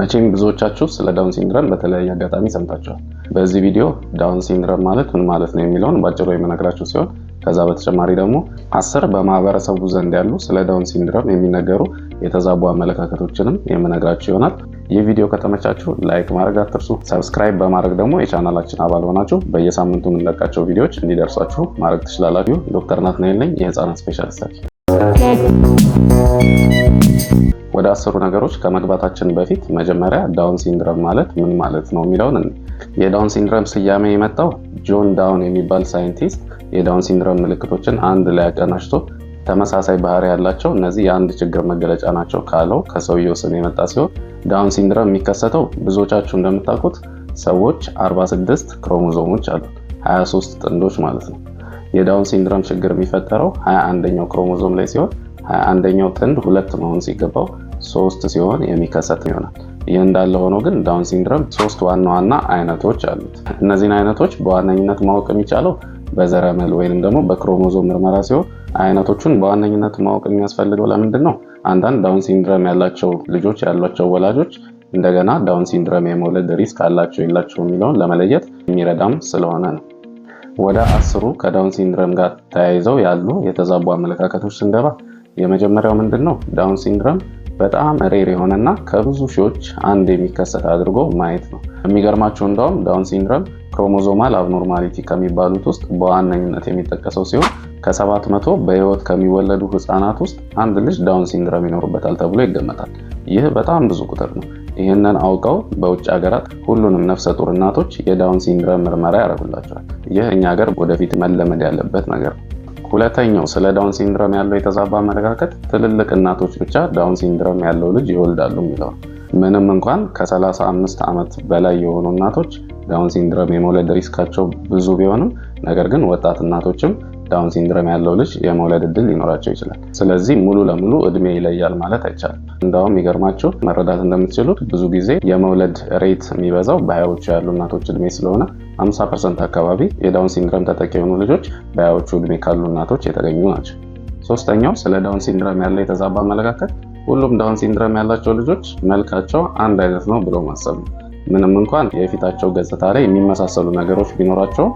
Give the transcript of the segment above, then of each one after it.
መቼም ብዙዎቻችሁ ስለ ዳውን ሲንድረም በተለያየ አጋጣሚ ሰምታችኋል። በዚህ ቪዲዮ ዳውን ሲንድረም ማለት ምን ማለት ነው የሚለውን በአጭሩ የምነግራችሁ ሲሆን ከዛ በተጨማሪ ደግሞ አስር በማህበረሰቡ ዘንድ ያሉ ስለ ዳውን ሲንድረም የሚነገሩ የተዛቡ አመለካከቶችንም የምነግራችሁ ይሆናል። ይህ ቪዲዮ ከተመቻችሁ ላይክ ማድረግ አትርሱ። ሰብስክራይብ በማድረግ ደግሞ የቻናላችን አባል ሆናችሁ በየሳምንቱ የምንለቃቸው ቪዲዮዎች እንዲደርሷችሁ ማድረግ ትችላላችሁ። ዶክተር ናትናይል ነኝ የህፃናት ስፔሻሊስት ወደ አስሩ ነገሮች ከመግባታችን በፊት መጀመሪያ ዳውን ሲንድረም ማለት ምን ማለት ነው የሚለውን የዳውን ሲንድረም ስያሜ የመጣው ጆን ዳውን የሚባል ሳይንቲስት የዳውን ሲንድረም ምልክቶችን አንድ ላይ አቀናጅቶ ተመሳሳይ ባህሪ ያላቸው እነዚህ የአንድ ችግር መገለጫ ናቸው ካለው ከሰውየው ስም የመጣ ሲሆን ዳውን ሲንድረም የሚከሰተው ብዙዎቻችሁ እንደምታውቁት ሰዎች 46 ክሮሞዞሞች አሉ፣ 23 ጥንዶች ማለት ነው። የዳውን ሲንድረም ችግር የሚፈጠረው 21ኛው ክሮሞዞም ላይ ሲሆን አንደኛው ጥንድ ሁለት መሆን ሲገባው ሶስት ሲሆን የሚከሰት ይሆናል። ይህ እንዳለ ሆኖ ግን ዳውን ሲንድረም ሶስት ዋና ዋና አይነቶች አሉት። እነዚህን አይነቶች በዋነኝነት ማወቅ የሚቻለው በዘረመል ወይንም ደግሞ በክሮሞዞም ምርመራ ሲሆን አይነቶቹን በዋነኝነት ማወቅ የሚያስፈልገው ለምንድን ነው? አንዳንድ ዳውን ሲንድረም ያላቸው ልጆች ያሏቸው ወላጆች እንደገና ዳውን ሲንድረም የመውለድ ሪስክ አላቸው የላቸው የሚለውን ለመለየት የሚረዳም ስለሆነ ነው። ወደ አስሩ ከዳውን ሲንድረም ጋር ተያይዘው ያሉ የተዛቡ አመለካከቶች ስንገባ የመጀመሪያው ምንድን ነው? ዳውን ሲንድረም በጣም ሬር የሆነና ከብዙ ሺዎች አንድ የሚከሰት አድርጎ ማየት ነው። የሚገርማቸው እንደውም ዳውን ሲንድረም ክሮሞዞማል አብኖርማሊቲ ከሚባሉት ውስጥ በዋነኝነት የሚጠቀሰው ሲሆን ከ700 በህይወት ከሚወለዱ ህፃናት ውስጥ አንድ ልጅ ዳውን ሲንድረም ይኖርበታል ተብሎ ይገመታል። ይህ በጣም ብዙ ቁጥር ነው። ይህንን አውቀው በውጭ ሀገራት ሁሉንም ነፍሰ ጡር እናቶች የዳውን ሲንድረም ምርመራ ያደርጉላቸዋል። ይህ እኛ ሀገር ወደፊት መለመድ ያለበት ነገር ነው። ሁለተኛው ስለ ዳውን ሲንድሮም ያለው የተዛባ አመለካከት ትልልቅ እናቶች ብቻ ዳውን ሲንድሮም ያለው ልጅ ይወልዳሉ የሚለው ምንም እንኳን ከ35 ዓመት በላይ የሆኑ እናቶች ዳውን ሲንድሮም የመውለድ ሪስካቸው ብዙ ቢሆንም ነገር ግን ወጣት እናቶችም ዳውን ሲንድሮም ያለው ልጅ የመውለድ እድል ሊኖራቸው ይችላል። ስለዚህ ሙሉ ለሙሉ እድሜ ይለያል ማለት አይቻልም። እንዳውም ይገርማችሁ መረዳት እንደምትችሉት ብዙ ጊዜ የመውለድ ሬት የሚበዛው በሀያዎቹ ያሉ እናቶች እድሜ ስለሆነ 50 ፐርሰንት አካባቢ የዳውን ሲንድረም ተጠቂ የሆኑ ልጆች በያዎቹ እድሜ ካሉ እናቶች የተገኙ ናቸው። ሶስተኛው ስለ ዳውን ሲንድረም ያለ የተዛባ አመለካከት። ሁሉም ዳውን ሲንድረም ያላቸው ልጆች መልካቸው አንድ አይነት ነው ብሎ ማሰብ ነው። ምንም እንኳን የፊታቸው ገጽታ ላይ የሚመሳሰሉ ነገሮች ቢኖራቸውም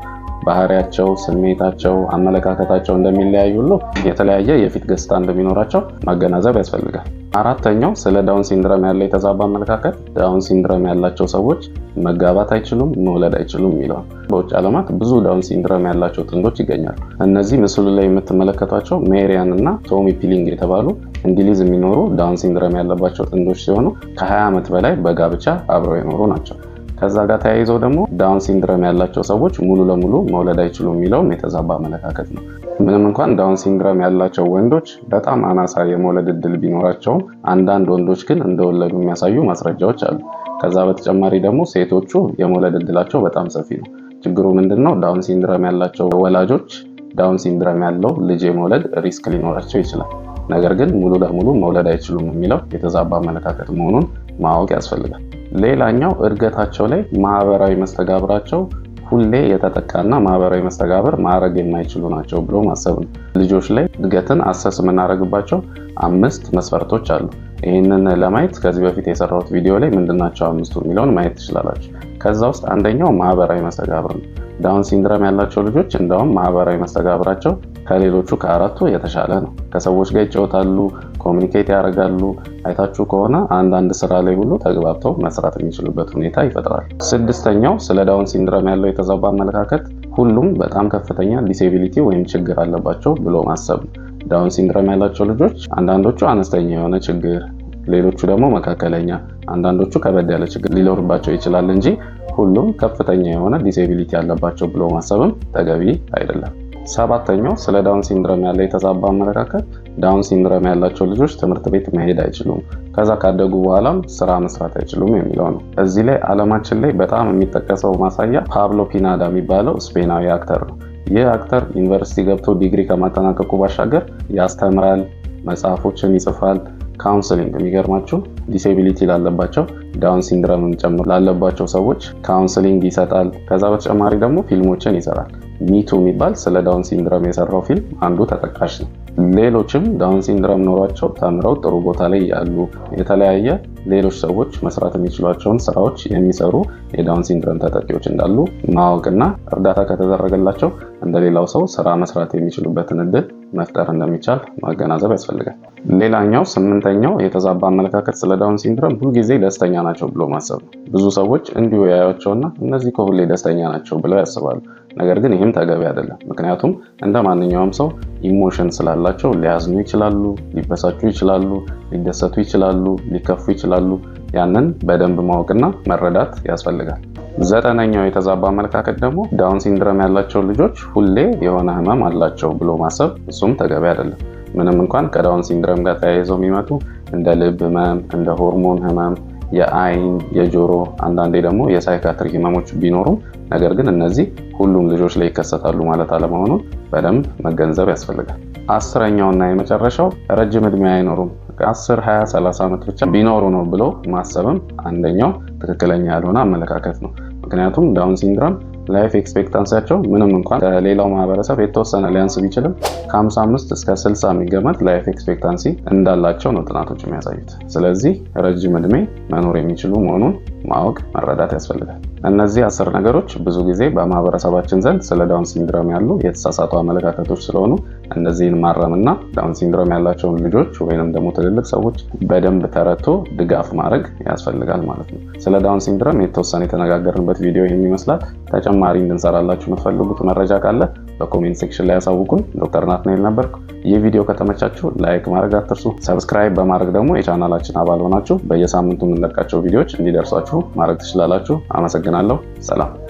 ባህሪያቸው፣ ስሜታቸው፣ አመለካከታቸው እንደሚለያዩ ሁሉ የተለያየ የፊት ገጽታ እንደሚኖራቸው ማገናዘብ ያስፈልጋል። አራተኛው ስለ ዳውን ሲንድረም ያለ የተዛባ አመለካከት ዳውን ሲንድረም ያላቸው ሰዎች መጋባት አይችሉም፣ መውለድ አይችሉም የሚለው በውጭ ዓለማት ብዙ ዳውን ሲንድረም ያላቸው ጥንዶች ይገኛሉ። እነዚህ ምስሉ ላይ የምትመለከቷቸው ሜሪያን እና ቶሚ ፒሊንግ የተባሉ እንግሊዝ የሚኖሩ ዳውን ሲንድረም ያለባቸው ጥንዶች ሲሆኑ ከ20 ዓመት በላይ በጋብቻ አብረው የኖሩ ናቸው። ከዛ ጋር ተያይዘው ደግሞ ዳውን ሲንድረም ያላቸው ሰዎች ሙሉ ለሙሉ መውለድ አይችሉም የሚለውም የተዛባ አመለካከት ነው። ምንም እንኳን ዳውን ሲንድረም ያላቸው ወንዶች በጣም አናሳ የመውለድ እድል ቢኖራቸውም አንዳንድ ወንዶች ግን እንደወለዱ የሚያሳዩ ማስረጃዎች አሉ። ከዛ በተጨማሪ ደግሞ ሴቶቹ የመውለድ እድላቸው በጣም ሰፊ ነው። ችግሩ ምንድን ነው? ዳውን ሲንድረም ያላቸው ወላጆች ዳውን ሲንድረም ያለው ልጅ የመውለድ ሪስክ ሊኖራቸው ይችላል፣ ነገር ግን ሙሉ ለሙሉ መውለድ አይችሉም የሚለው የተዛባ አመለካከት መሆኑን ማወቅ ያስፈልጋል። ሌላኛው እድገታቸው ላይ ማህበራዊ መስተጋብራቸው ሁሌ የተጠቃና ማህበራዊ መስተጋብር ማድረግ የማይችሉ ናቸው ብሎ ማሰብ ነው። ልጆች ላይ እድገትን አሰስ የምናደርግባቸው አምስት መስፈርቶች አሉ። ይህንን ለማየት ከዚህ በፊት የሰራሁት ቪዲዮ ላይ ምንድናቸው አምስቱ የሚለውን ማየት ትችላላችሁ። ከዛ ውስጥ አንደኛው ማህበራዊ መስተጋብር ነው። ዳውን ሲንድረም ያላቸው ልጆች እንደውም ማህበራዊ መስተጋብራቸው ከሌሎቹ ከአራቱ የተሻለ ነው። ከሰዎች ጋር ይጫወታሉ፣ ኮሚኒኬት ያደርጋሉ። አይታችሁ ከሆነ አንዳንድ ስራ ላይ ሁሉ ተግባብተው መስራት የሚችሉበት ሁኔታ ይፈጥራል። ስድስተኛው ስለ ዳውን ሲንድረም ያለው የተዛባ አመለካከት ሁሉም በጣም ከፍተኛ ዲሴቢሊቲ ወይም ችግር አለባቸው ብሎ ማሰብ ነው። ዳውን ሲንድረም ያላቸው ልጆች አንዳንዶቹ አነስተኛ የሆነ ችግር፣ ሌሎቹ ደግሞ መካከለኛ፣ አንዳንዶቹ ከበድ ያለ ችግር ሊኖርባቸው ይችላል እንጂ ሁሉም ከፍተኛ የሆነ ዲሴቢሊቲ ያለባቸው ብሎ ማሰብም ተገቢ አይደለም። ሰባተኛው ስለ ዳውን ሲንድረም ያለ የተዛባ አመለካከት ዳውን ሲንድረም ያላቸው ልጆች ትምህርት ቤት መሄድ አይችሉም፣ ከዛ ካደጉ በኋላም ስራ መስራት አይችሉም የሚለው ነው። እዚህ ላይ አለማችን ላይ በጣም የሚጠቀሰው ማሳያ ፓብሎ ፒናዳ የሚባለው ስፔናዊ አክተር ነው። ይህ አክተር ዩኒቨርሲቲ ገብቶ ዲግሪ ከማጠናቀቁ ባሻገር ያስተምራል፣ መጽሐፎችን ይጽፋል፣ ካውንስሊንግ የሚገርማችሁ ዲሴቢሊቲ ላለባቸው ዳውን ሲንድረምን ጨምሮ ላለባቸው ሰዎች ካውንስሊንግ ይሰጣል። ከዛ በተጨማሪ ደግሞ ፊልሞችን ይሰራል። ሚቱ የሚባል ስለ ዳውን ሲንድረም የሰራው ፊልም አንዱ ተጠቃሽ ነው። ሌሎችም ዳውን ሲንድረም ኖሯቸው ተምረው ጥሩ ቦታ ላይ ያሉ የተለያየ ሌሎች ሰዎች መስራት የሚችሏቸውን ስራዎች የሚሰሩ የዳውን ሲንድረም ተጠቂዎች እንዳሉ ማወቅና እርዳታ ከተደረገላቸው እንደሌላው ሰው ስራ መስራት የሚችሉበትን እድል መፍጠር እንደሚቻል ማገናዘብ ያስፈልጋል። ሌላኛው ስምንተኛው የተዛባ አመለካከት ስለ ዳውን ሲንድረም ሁልጊዜ ደስተኛ ናቸው ብሎ ማሰብ ነው። ብዙ ሰዎች እንዲሁ ያያቸውና እነዚህ ከሁሌ ደስተኛ ናቸው ብለው ያስባሉ። ነገር ግን ይህም ተገቢ አይደለም። ምክንያቱም እንደ ማንኛውም ሰው ኢሞሽን ስላላቸው ሊያዝኑ ይችላሉ፣ ሊበሳጩ ይችላሉ፣ ሊደሰቱ ይችላሉ፣ ሊከፉ ይችላሉ። ያንን በደንብ ማወቅና መረዳት ያስፈልጋል። ዘጠነኛው የተዛባ አመለካከት ደግሞ ዳውን ሲንድረም ያላቸው ልጆች ሁሌ የሆነ ህመም አላቸው ብሎ ማሰብ እሱም ተገቢ አይደለም። ምንም እንኳን ከዳውን ሲንድረም ጋር ተያይዘው የሚመጡ እንደ ልብ ህመም፣ እንደ ሆርሞን ህመም፣ የአይን፣ የጆሮ አንዳንዴ ደግሞ የሳይካትሪ ህመሞች ቢኖሩም ነገር ግን እነዚህ ሁሉም ልጆች ላይ ይከሰታሉ ማለት አለመሆኑን በደንብ መገንዘብ ያስፈልጋል። አስረኛውና የመጨረሻው ረጅም እድሜ አይኖሩም፣ አስር ሀያ ሰላሳ ዓመት ብቻ ቢኖሩ ነው ብሎ ማሰብም አንደኛው ትክክለኛ ያልሆነ አመለካከት ነው። ምክንያቱም ዳውን ሲንድረም ላይፍ ኤክስፔክታንሲያቸው ምንም እንኳን ከሌላው ማህበረሰብ የተወሰነ ሊያንስ ቢችልም ከ55 እስከ 60 የሚገመት ላይፍ ኤክስፔክታንሲ እንዳላቸው ነው ጥናቶች የሚያሳዩት። ስለዚህ ረጅም እድሜ መኖር የሚችሉ መሆኑን ማወቅ መረዳት ያስፈልጋል። እነዚህ አስር ነገሮች ብዙ ጊዜ በማህበረሰባችን ዘንድ ስለ ዳውን ሲንድሮም ያሉ የተሳሳቱ አመለካከቶች ስለሆኑ እነዚህን ማረምና ዳውን ሲንድሮም ያላቸውን ልጆች ወይንም ደግሞ ትልልቅ ሰዎች በደንብ ተረቶ ድጋፍ ማድረግ ያስፈልጋል ማለት ነው። ስለ ዳውን ሲንድሮም የተወሰነ የተነጋገርንበት ቪዲዮ ይህን ይመስላል። ተጨማሪ እንድንሰራላችሁ የምትፈልጉት መረጃ ካለ በኮሜንት ሴክሽን ላይ ያሳውቁን። ዶክተር ናትናኤል ነበርኩ። ይህ ቪዲዮ ከተመቻችሁ ላይክ ማድረግ አትርሱ። ሰብስክራይብ በማድረግ ደግሞ የቻናላችን አባል ሆናችሁ በየሳምንቱ የምንለቃቸው ቪዲዮዎች እንዲደርሷችሁ ማድረግ ትችላላችሁ። አመሰግናለሁ። ሰላም